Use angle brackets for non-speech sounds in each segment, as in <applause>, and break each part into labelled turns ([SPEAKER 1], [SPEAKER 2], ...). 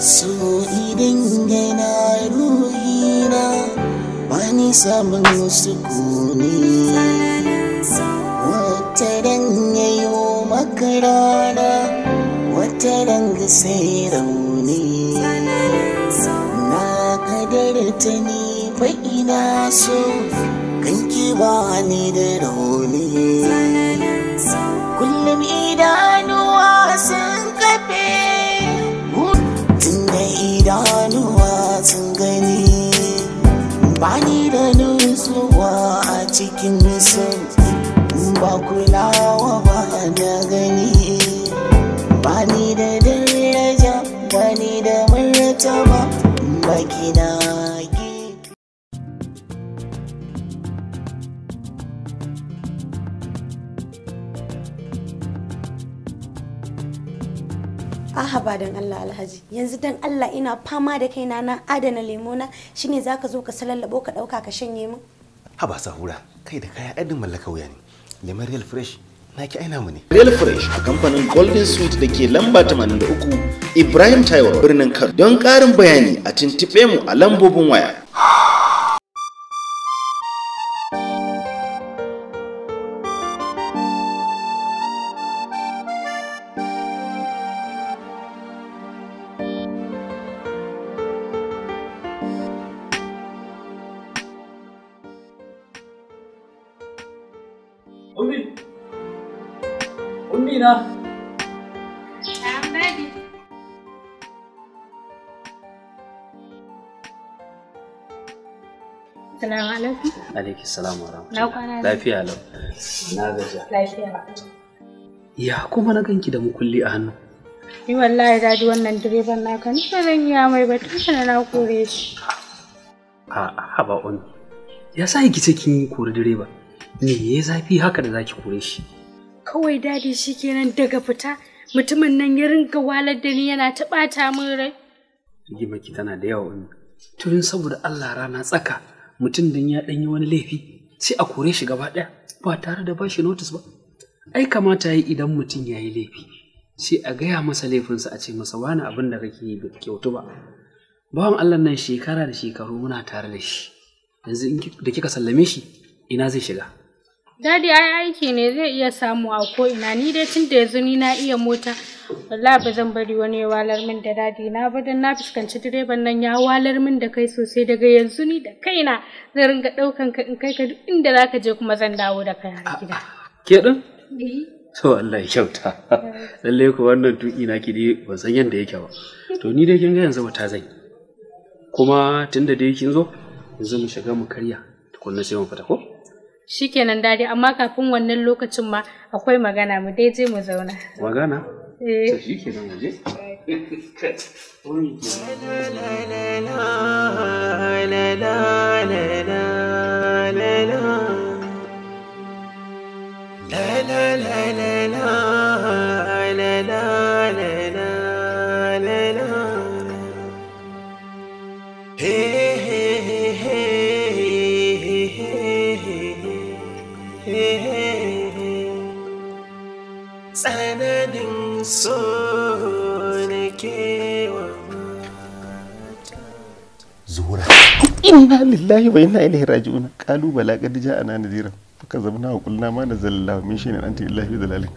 [SPEAKER 1] so idan gaina ruhina wani samun kone, wata ran yayo maka rana wata ran sai rauni na kadarta ni fa ina so kan ki ba ni da rauni Bani da da martaba, baki
[SPEAKER 2] ahaba don Allah alhaji yanzu dan Allah ina fama da kaina na adana lemona shine zaka zo ka salallabo ka dauka ka shanye min
[SPEAKER 3] haba sahura kai da kaya ɗan mallaka wuya ne lemon real fresh Na ki aina mu ne real fresh a kamfanin golden sweet da ke lamba 83 ibrahim taiwo birnin kano don ƙarin bayani a tuntuɓe mu a lambobin waya
[SPEAKER 4] ummi na
[SPEAKER 5] Assalamu alaikum.
[SPEAKER 4] Alaikum salam wa rahmatullahi. Ya kuma na ganki da mukulli a hannu.
[SPEAKER 6] Ni wallahi wannan direban naka ni mai na kore shi.
[SPEAKER 4] A Ya sa ki kin kore direba? Me ya zafi haka da zaki kore shi?
[SPEAKER 6] kawai dadi kenan daga fita mutumin nan ya ringa walar da ni yana ta ɓata min rai.
[SPEAKER 4] Rigimaki tana da yawa wani. Tun saboda Allah rana tsaka mutum dan ya ɗan yi wani laifi sai a kore shi gaba ɗaya ba tare da bashi notice ba. Ai kamata yi idan mutum ya yi laifi sai a gaya masa laifinsa a ce masa wani abin da kake yi ba kyautu ba. Bawan Allah nan shekara da shekaru muna tare da shi. Yanzu in da kika sallame shi ina zai shiga.
[SPEAKER 6] Dadi ai aiki ne zai iya samu a ko ina ni dai tun da yanzu ni na iya mota wallahi ba zan bari wani ya walar min da dadi na ba dan na fuskanci direban nan ya walar min da kai sosai daga yanzu ni da kaina zan ringa daukan ka in kai ka duk inda zaka je kuma zan dawo da kai har gida. Ke din? Eh.
[SPEAKER 4] To Allah ya kyauta. Lalle ku wannan tuki na ki dai ban san yanda yake ba. To ni dai kin ga yanzu ba ta zan Kuma tunda dai kin zo yanzu mu shiga mu karya tukunna sai mu fita ko?
[SPEAKER 6] shikenan dadi amma kafin wannan lokacin ma akwai magana mu dai je mu zauna
[SPEAKER 4] magana eh shikenan mu
[SPEAKER 1] inna
[SPEAKER 3] lillahi wa inna ilaihi raji'un qalu bala qad ja'ana nadira faka zabna wa qulna ma nazalallahu min shay'in anta illa wa dalalik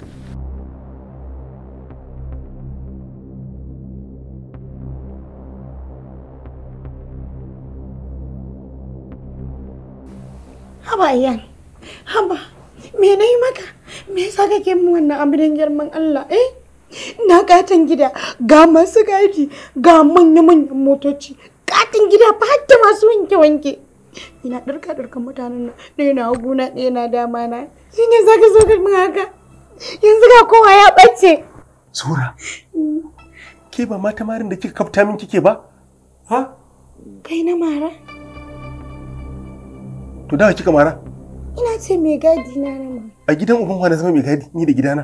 [SPEAKER 2] haba ayyan haba me nayi maka me yasa kake mun wannan amrin girman Allah eh na katan gida ga masu gadi ga manya-manyan motoci fatin gida ba da masu wanke wanke ina ɗarka ɗarkan mutanen nan ɗaya na hagu na ɗaya na dama na shi ne zaka zo ka min haka yanzu ga kowa ya ɓace
[SPEAKER 3] sura ke ba mata marin da kika kafta min kike ba ha kai na mara to dawa kika mara
[SPEAKER 2] ina ce mai gadi na na
[SPEAKER 3] a gidan uban na zama mai gadi ni da gidana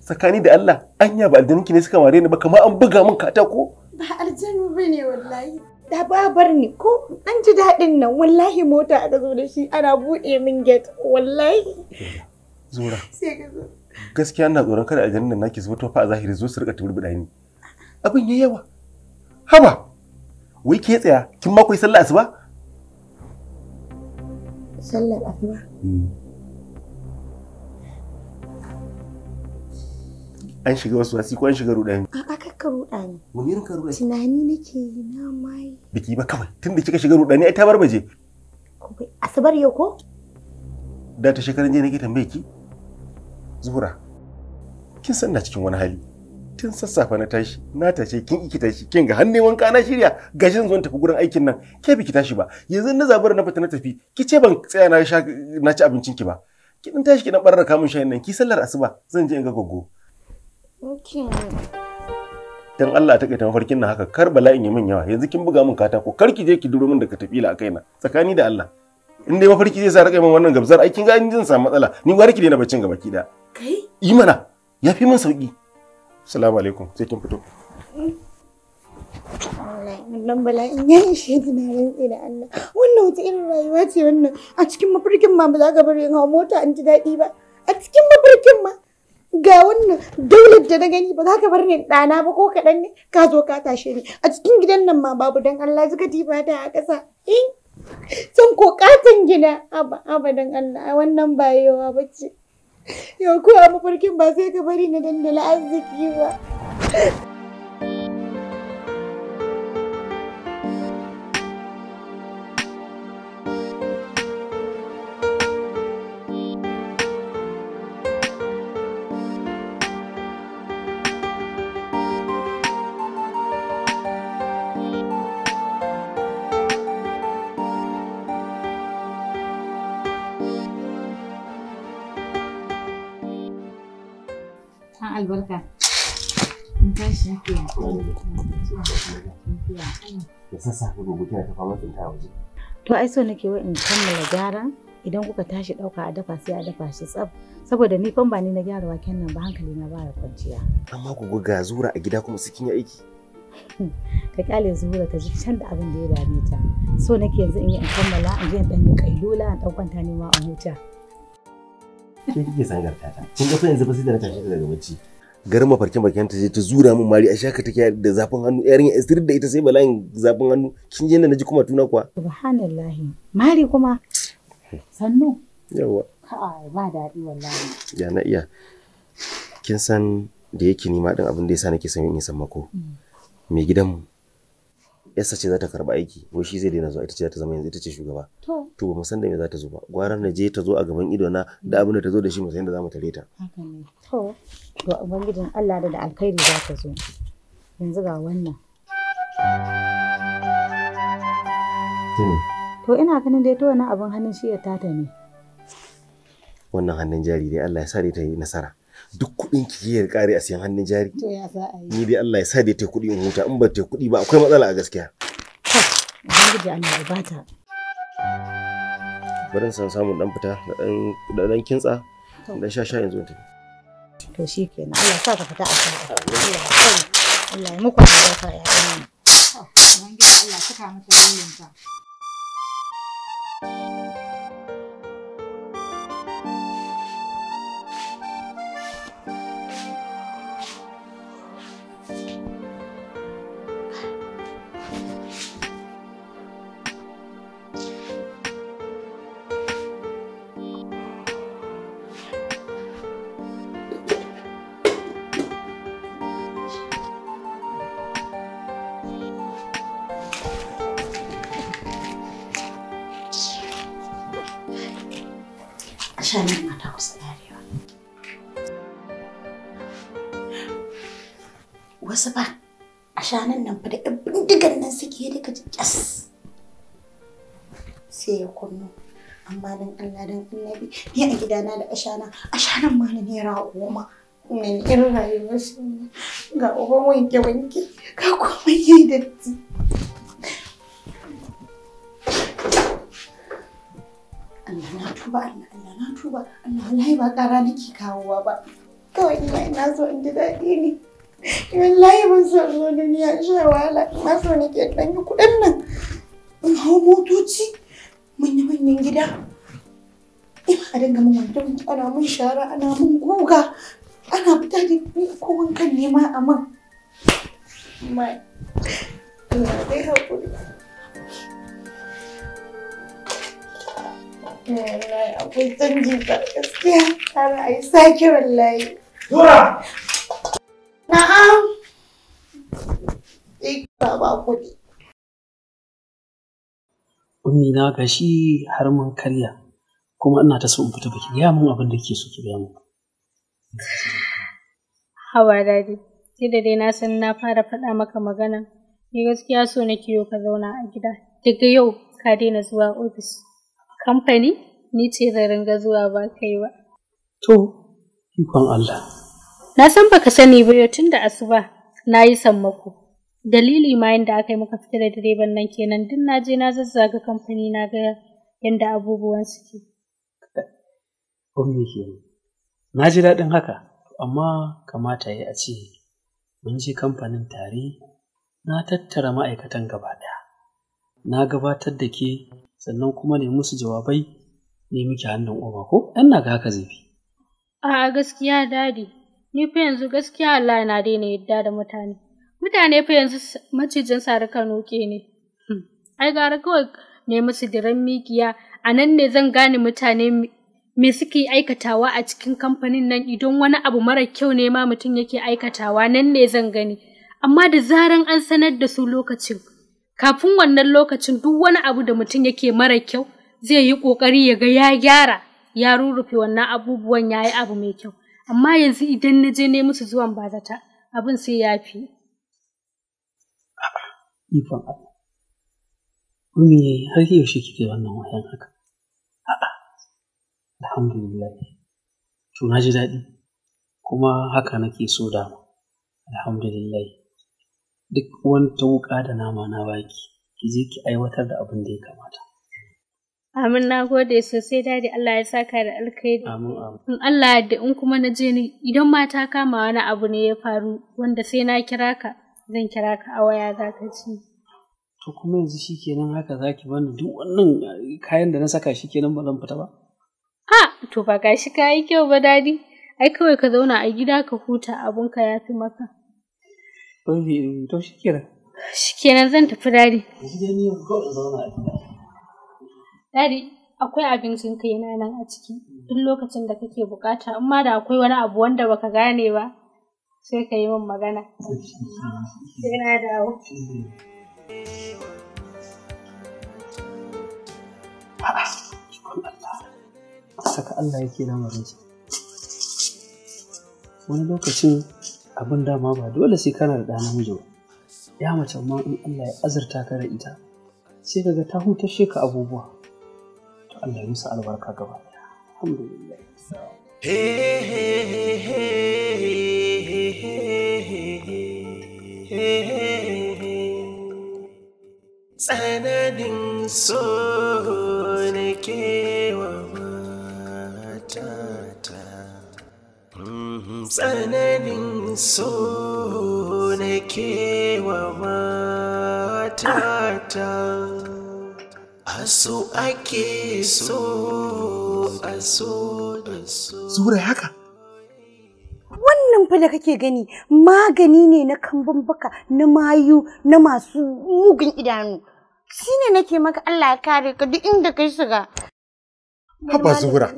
[SPEAKER 3] tsakani da Allah anya ba aljanninki ne suka mare ni ba kamar an buga min katako
[SPEAKER 2] ba aljanni bane wallahi da ba bar ni ko an ji daɗin nan wallahi mota aka zo da shi ana buɗe min gate wallahi
[SPEAKER 3] zura gaskiya ina tsoron kada a ganin nan naki zuwa fa a zahiri zo su rika turbuɗa ni abin yayi yawa haba wai ke tsaya kin ma koyi sallah asuba
[SPEAKER 2] sallar asuba hmm.
[SPEAKER 3] an shiga wasu wasi ko an shiga rudani a'a
[SPEAKER 2] ka ruɗa ni. Wani irin ka ruɗa ni? Tunani nake yi na mai.
[SPEAKER 3] Biki ba kawai tun da kika shiga ruɗa ni ai ta bar baje.
[SPEAKER 2] Asabar yau ko?
[SPEAKER 3] Da ta shekaran jiya nake tambaye ki. Zuhura. Kin san na cikin wani hali. Tun sassafe na tashi, na tashi kin iki tashi, kin ga hannun wanka na shirya gashin zuwan tafi gurin aikin nan. Ke biki tashi ba. Yanzu na zabar na fita na tafi. Ki ce ban tsaya na sha na ci abincin ki ba. Ki dan tashi ki dan barra kamun shayin nan. Ki sallar asuba zan je in ga goggo. Okay. dan Allah ta kai ta mafarkin nan haka kar bala'in ya min yawa yanzu kin buga min katako kar ki je ki duro min da katafila a kaina tsakani da Allah in dai mafarki zai sa raka min wannan gabzar ai kin ga in jin samu matsala ni gwara ki daina baccin gaba ki da kai yi mana ya fi min sauki assalamu alaikum sai kin fito
[SPEAKER 2] wannan bala'in ya yi ni na rantsi da Allah wannan wata irin rayuwa ce wannan a cikin mafarkin ma ba za ka bari in hawa mota an ji daɗi ba a cikin mafarkin ma ga wannan daular da na gani ba za ka bar ni ɗana ba ko kaɗan ne ka zo ka tashe ni a cikin gidan nan ma babu dan Allah zuka ba ta a ƙasa san eh, ko katin gina abadan dan Allah wannan ba yawa ce. yau ko a mafarkin ba sai ka bari na dandala arziki ba
[SPEAKER 5] albarka. To ai so nake wa in kammala gyara idan kuka tashi ɗauka a dafa sai a dafa shi tsaf. Saboda ni fan ba ni na gyara waken nan ba hankali na ba kwanciya.
[SPEAKER 3] Amma ku ga zura a gida kuma sukin ya aiki.
[SPEAKER 5] <laughs> ka kyale zura, ta ji can da abin da ya dame ta so nake yanzu in yi in kammala in je in dan yi kailula in dan kwanta ne ma a huta
[SPEAKER 3] ke kike sangarta ta kin ga yanzu ba sai da na tashi daga bacci garin mafarkin bakin ta je ta zura min mari a shaka take da zafin hannu yarinya istir da ita sai bala'in zafin hannu kin je na naji kuma tuna kuwa
[SPEAKER 5] subhanallahi mari kuma sannu yawa kai ba daɗi wallahi
[SPEAKER 3] ya na iya kin san da yake nima din abin da yasa nake son yin me mm. mai mu. yasa ce za ta karba aiki wai shi zai daina zuwa ita ce za ta zama yanzu ita ce shugaba to ba mu san da me za ta zo ba gwara na je ta zo a gaban ido na da abin da ta zo da shi mu san da za mu tare ta
[SPEAKER 5] to to ubangijin Allah da alkhairi za ta zo yanzu ga wannan to ina ganin dai to wannan abin hannun shi ya tata ne
[SPEAKER 3] wannan hannun jari dai Allah ya sa dai ta yi nasara duk kuɗin ki ke kare a siyan hannun jari to ya za a yi ni dai Allah ya sa dai ta kuɗi in huta in ba ta kuɗi ba akwai matsala a gaskiya
[SPEAKER 5] ubangiji Allah ya bata
[SPEAKER 3] barin san samu dan fita da dan kintsa dan sha sha yanzu ta.
[SPEAKER 5] to shi kenan Allah sa ka fita a sa'a Allah ya muku da albarka ya ubangiji
[SPEAKER 2] Allah saka mata
[SPEAKER 5] burinta Thank you.
[SPEAKER 2] don Allah don annabi ni a gidana da ashana ashanan ma na naira goma mai irin rayuwar su ga uban wanke wanke ga kuma yi datti Allah na tuba Allah Allah na tuba Allah wallahi ba ƙara nake kawowa ba kawai ina ina so in ji daɗi ne wallahi ban zo duniya sha wahala so nake ɗan kuɗin nan in hau motoci manya-manyan gida a dinga mun ana mun shara ana mun guga ana fita da ni ko wankan nema a man mai Allah dai hakuri wallahi akwai gaskiya a yi wallahi Na'am! ba kuɗi.
[SPEAKER 4] gashi har mun karya. kuma ina ta so in fita baki gaya mun abin da ke so ki gaya
[SPEAKER 6] hawa dadi sai da dai na san na fara faɗa maka magana ni gaskiya so na kiyo ka zauna a gida daga yau ka daina zuwa ofis kamfani ni ce da ringa zuwa ba kai ba
[SPEAKER 4] to ikon Allah
[SPEAKER 6] na san baka sani ba yau tun da asuba na yi sammako dalili ma yadda aka yi muka fita da direban nan kenan duk na je na zazzaga kamfani na ga yadda abubuwan suke
[SPEAKER 4] ko me na ji daɗin haka amma kamata ya a ce mun je kamfanin tare na tattara ma'aikatan gaba ɗaya na gabatar da ke sannan kuma ne musu jawabai ne muke hannun uba ko ɗan na ga haka zai fi
[SPEAKER 6] a gaskiya dadi ni fa yanzu gaskiya Allah na daina yadda da mutane mutane fa yanzu macijin kano ke ne hmm. ai gara kawai ne musu diran mikiya a nan ne zan gane mutane me suke aikatawa a cikin kamfanin nan idan wani abu mara kyau ne ma mutum yake aikatawa nan ne zan gani amma da zaran an sanar da su lokacin kafin wannan lokacin duk wani abu da mutum yake mara kyau zai yi ƙoƙari ya ga ya gyara ya rurrufe wannan abubuwan ya yi abu mai kyau amma yanzu idan na je ne musu zuwan bazata abin sai ya fi
[SPEAKER 4] ikon Allah har yaushe kike wannan wayan haka Alhamdulillah. To na ji daɗi kuma haka nake so da Alhamdulillah. Duk wani wuƙa da nama na baki, ki je ki aiwatar da abin da ya kamata.
[SPEAKER 6] Amin na gode sosai dadi Allah ya saka da alkhairi. Amin amin. In Allah yadda in kuma na je ni idan ma ta kama wani abu ne ya faru wanda sai na kira ka zan kira ka a waya za ka ci.
[SPEAKER 4] To kuma yanzu shikenan haka zaki bani duk wannan kayan da na saka shikenan ba zan fita ba.
[SPEAKER 6] A, to ba gashi ka yi kyau ba dadi, ai kawai ka zauna a gida ka huta abunka ya fi maka. To shi kenan. Shi kenan zan tafi dadi. Dadi, akwai abincin ka yana nan a ciki, duk lokacin da kake bukata, amma da akwai wani abu wanda baka gane ba, sai ka yi min magana. Sai na dawo.
[SPEAKER 4] saka Allah yake lamarinsa wani lokacin abin dama ba dole sai kana da ɗa namiji ba ya mace ma in Allah ya azurta ka da ita sai kaga ta hutashe ka abubuwa to Allah ya musu albarka gaba
[SPEAKER 1] alhamdulillah tsananin so na kewa tsananin so na kewa matata aso ake so aso aso zura haka
[SPEAKER 2] wannan fa da kake gani magani ne na kambun baka na mayu na masu mugun idanu Shi ne nake maka Allah ya kare ka duk inda kai shiga haba zuhura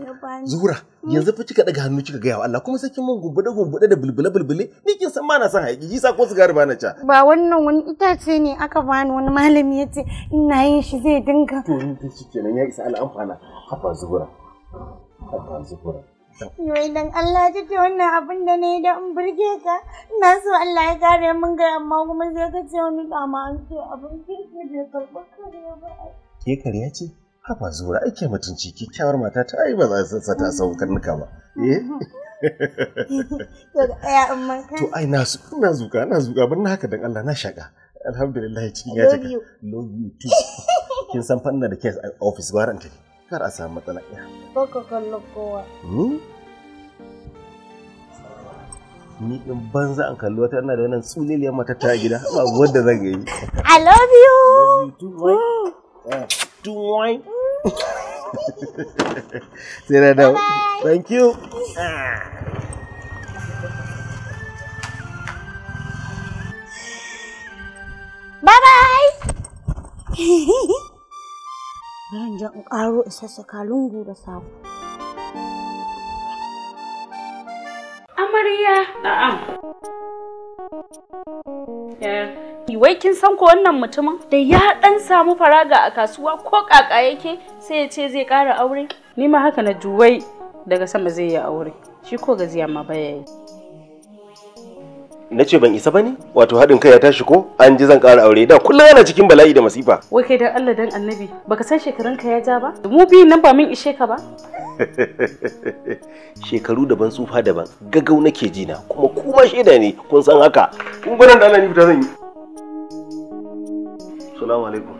[SPEAKER 3] zuhura hmm. yanzu fa kika daga hannu kika gaya wa Allah kuma sakin mun gumbuɗe gumbuɗe da bulbule bulbule ni kin san ma na san haƙi yasa ko sigari ba na ca
[SPEAKER 2] ba wannan wani itace ne aka bani wani malami yace ina yin shi zai dinga
[SPEAKER 3] to ni kin shikenan ya isa al'amfana haba zuhura haba zuhura
[SPEAKER 2] Yau idan Allah ya ce wannan abin da ne da in burge ka, ina so Allah ya kare mun ga amma kuma sai ka ce wani dama an ce abin da ke karɓar kare ba.
[SPEAKER 3] Ke kariya ce? haba zura ake mutunci kyakkyawar mata ta yi ba za su ta sau karnuka ba eh? to ai na su na zuka na zuka haka dan Allah na shaka alhamdulillah cikin ya jaka love you too kin san fanna da ke a office gwaran ta kar a samu matsala ɗaya?
[SPEAKER 2] ko kallo kowa
[SPEAKER 3] ni ni in banza an kallo ta ina da wannan tsuliliyar mata ta gida ba wanda zan yi i love you, love you too, too. See that note. Thank you.
[SPEAKER 1] Ah. Bye bye.
[SPEAKER 2] Zan jan ƙaro isassaka lungu da saƙo.
[SPEAKER 6] Amarya. Na'am. Yeah. Wai kin san ko wannan mutumin da ya dan samu faraga a kasuwa ko kaka yake sai ya ce zai ƙara aure? Ni ma haka na juwai daga sama zai yi aure. Shi ko gaziya ma baya yi.
[SPEAKER 3] Na ce ban isa bane? Wato haɗin kai ya tashi ko? An ji zan ƙara aure da kullum yana cikin bala'i da masifa.
[SPEAKER 6] Wai kai dan Allah dan Annabi, baka san shekarunka ya ja ba? Mu biyu nan ba min ishe ka ba?
[SPEAKER 3] <laughs> shekaru daban tsufa daban gagau nake jina kuma kuma shaida ne kun san haka kun gwanan da Allah ni fita zan yi Salamu alaikum.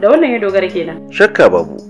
[SPEAKER 6] Da wannan ya dogara kenan.
[SPEAKER 3] Shakka babu.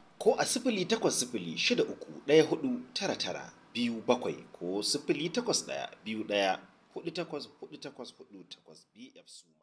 [SPEAKER 3] ko a sifili takwas sifili shida uku ɗaya hudu tara tara biyu bakwai ko sifili takwas ɗaya biyu ɗaya hudu takwas hudu takwas hudu takwas bf suma.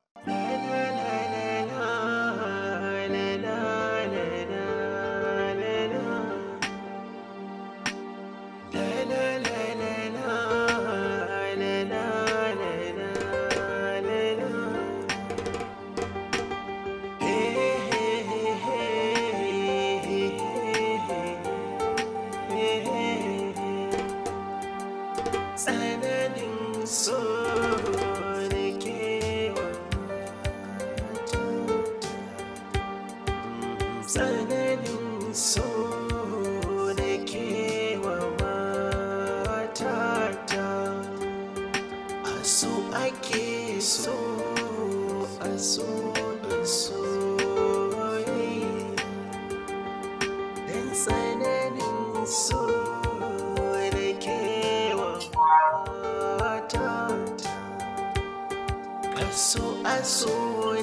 [SPEAKER 1] so aso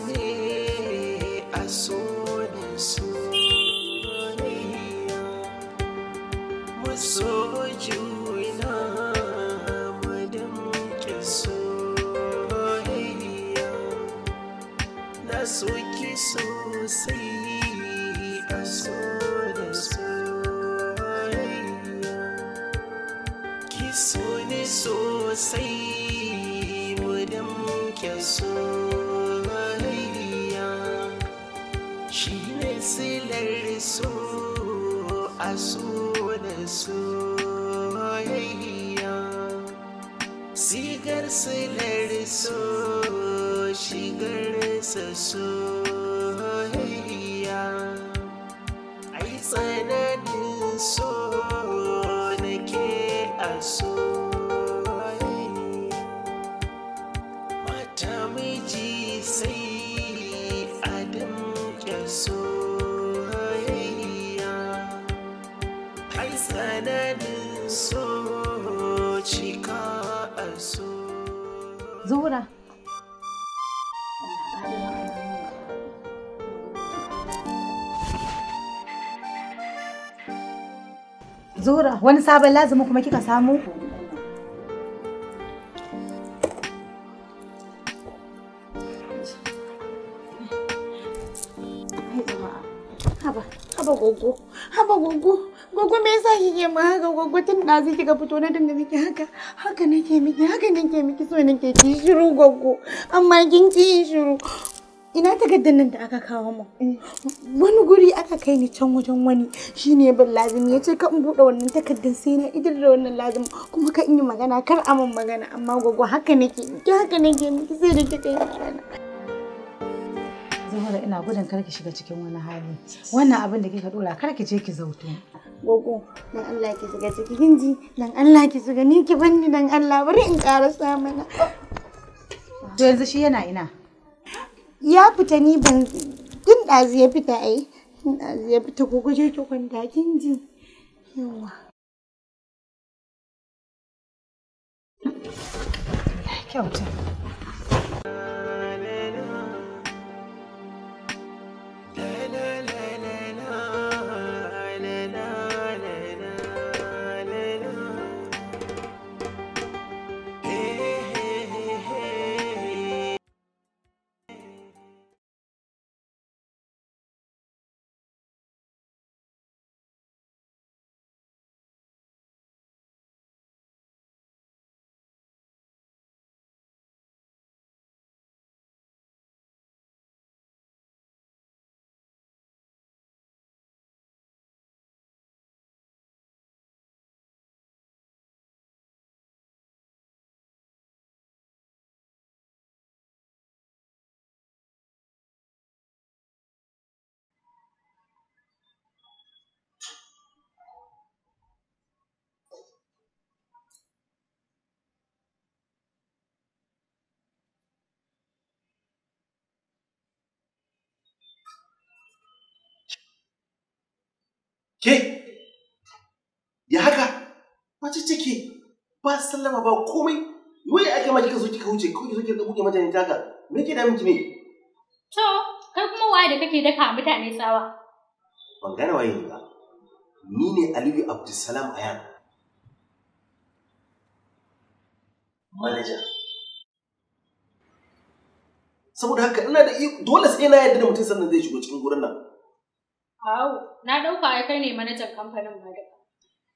[SPEAKER 1] ne aso shigar silar so shigar so
[SPEAKER 5] Wani sabon lazumi kuma kika samu?
[SPEAKER 2] Haba, gogo, haba gogo, gogo me yasa kike ma haka gogo tun da zai kika fito na dinga miki haka, haka nake miki, haka nake miki so nake ki shiru gogo, amma kin ki shiru. ina takardar nan da aka kawo mu? Eh. wani guri aka kai ni can wajen wani shine bin lazimi ya ce ka in buɗe wannan takardar sai na idar da wannan lazimi kuma ka in yi magana kar a min magana amma gogo haka nake ki haka nake miki sai da kika yi magana
[SPEAKER 5] Zuhura ina gudun kar ki shiga cikin wani hali wannan abin da kika dora kar ki je ki zauto
[SPEAKER 2] gogo dan Allah ki shiga ciki kinji dan Allah ki shiga ni ki banni dan Allah bari in ƙara mana to yanzu shi yana ina ya fita ni ban tun ɗazu ya fita ai tun ɗazu ya fita ko gaje ta kwanta kin ji yawa kyauta
[SPEAKER 3] ke ya haka wace take ba sallama ba komai wai aka ma kika zo kika wuce kawai kika da kika buge mutane taka me ke da miki ne
[SPEAKER 6] to kai kuma waye da kake daka mutane tsawa
[SPEAKER 3] ban gane waye ne ba ni ne Aliyu Abdulsalam Ayan manager saboda haka ina da dole sai na yadda da mutum sannan zai shigo cikin gurin nan
[SPEAKER 6] Hau, na ɗauka ai kai ne manajan kamfanin ba duka.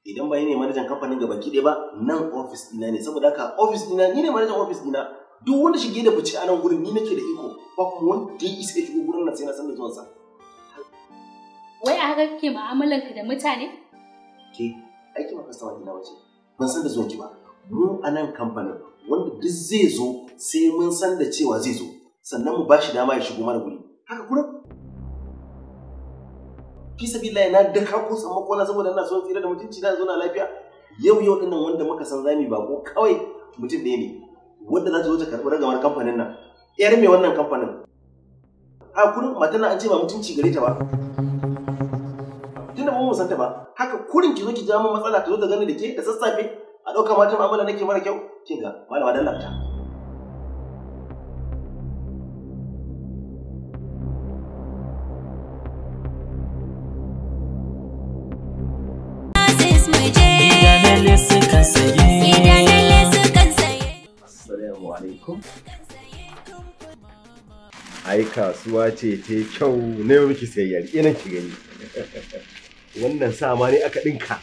[SPEAKER 3] Idan ba ni ne manajan kamfanin gaba ki ba, nan ofis ɗina ne saboda haka ofis ɗina ni ne manajan ofis ɗina. Duk wanda shige da fice a nan gurin ni nake da iko, ba kuma wanda ya isa ya shigo gurin nan sai na san da zuwansa.
[SPEAKER 6] Wai a haka kake mu'amalanka da mutane?
[SPEAKER 3] Ke, aiki ma kasuwa ɗina wace. Ban san da zuwanki ba. Mu a nan kamfanin wanda duk zai zo sai mun san da cewa zai zo sannan mu ba shi dama ya shigo mana guri. Haka kurin fi sabilillah na da ka samu kona saboda ina son tsira da mutunci na zo na lafiya yau yau dinnan wanda muka san zami ba ko kawai mutum ne ne wanda za ta zo ta karɓi ragamar kamfanin nan yar mai wannan kamfanin a kurin matana an ce ba mutunci gare ta ba tunda ba mu ta ba haka kurin ki zo ki ja matsala ta zo ta gani da ke da sassafe a ɗauka matan Amala nake mara kyau kinga malama ta. alaikum. Ai kasuwa ce ta kyau na yau miki sayayyar ina ki gani. <laughs> Wannan sa ma ne aka ɗinka.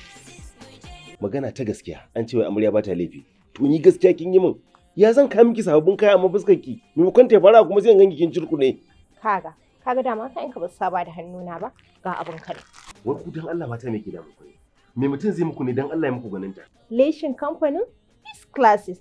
[SPEAKER 3] Magana ta gaskiya an ce wai amarya ba ta laifi. To ni gaskiya kin yi min. Ya zan kai miki sababbin kaya amma fuskar ki. Maimakon ta fara kuma sai in ganki kin cirkune.
[SPEAKER 7] Kaga, kaga dama ka in ka ba saba da hannuna ba ga abin kare.
[SPEAKER 3] Wai ku dan Allah mata me ke da muku ne? Me mutum zai muku ne dan Allah ya muku ganin ta?
[SPEAKER 7] Leshin kamfanin? Peace classes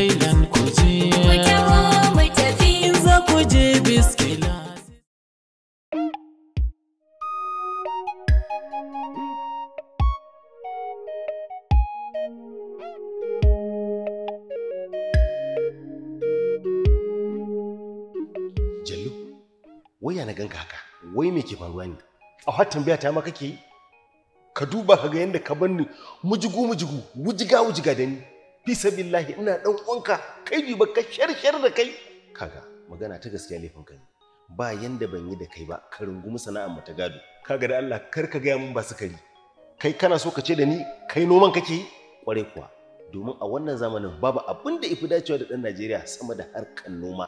[SPEAKER 3] ana ganka haka wai me ke faruwa ne a har tambaya ta ma kake ka duba ka ga yadda ka banni mujigu mujigu wujiga wujiga da ni fi sabillahi ina dan uwanka kai bi baka sharshar da kai kaga magana ta gaskiya laifin ka ne ba yanda ban yi da kai ba ka rungumi sana'ar mu ta gado kaga da Allah kar ka gaya mun ba su kari. kai kana so ka ce da ni kai noman kake yi kwarai kuwa domin a wannan zamanin babu abin da ifi dacewa da ɗan Najeriya sama da harkar noma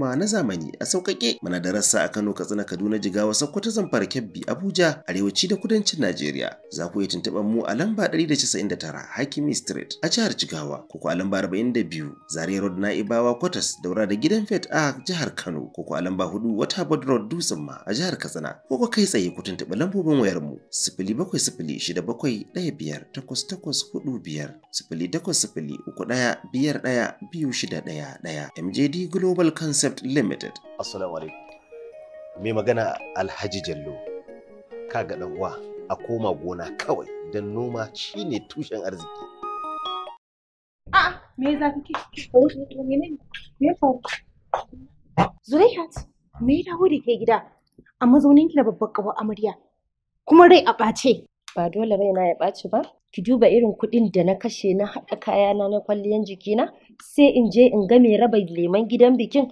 [SPEAKER 3] noma na zamani a sauƙaƙe. Muna da rassa a Kano, Katsina, Kaduna, Jigawa, Sokoto, Zamfara, Kebbi, Abuja, Arewaci da Kudancin Najeriya. Za ku iya tuntuɓar mu a lamba 199 Hakimi Street a jihar Jigawa, ko a lamba 42 Zaria Road Na'ibawa Kwatas daura da gidan Fet a jihar Kano, ko a lamba 4 Waterboard Road Dutsen ma a jihar Katsina, ko kai tsaye ku tuntuɓi lambobin wayar mu takwas 0806 uku ɗaya biyar ɗaya biyu shida daya ɗaya mjd global concept Concept Limited. Assalamu alaikum. Mai magana Alhaji Jallo. Kaga dan uwa a koma gona kawai don noma shine tushen arziki.
[SPEAKER 7] A'a, me za ka ke? Me faru? Zulaihat, me ya dawo da ke gida a mazaunin ki da babbar kawo amarya. Kuma rai a ɓace. Ba dole raina ya ɓace ba. Ki duba irin kuɗin da na kashe na haɗa kayana na kwalliyan jikina sai in je in ga mai raba leman gidan bikin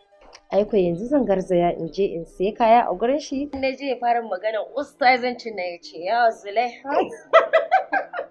[SPEAKER 7] aiko yanzu zan garzaya in je in sai kaya a gurin shi na je ya fara magana ustazancin
[SPEAKER 6] na ya ce yawa zule. <laughs>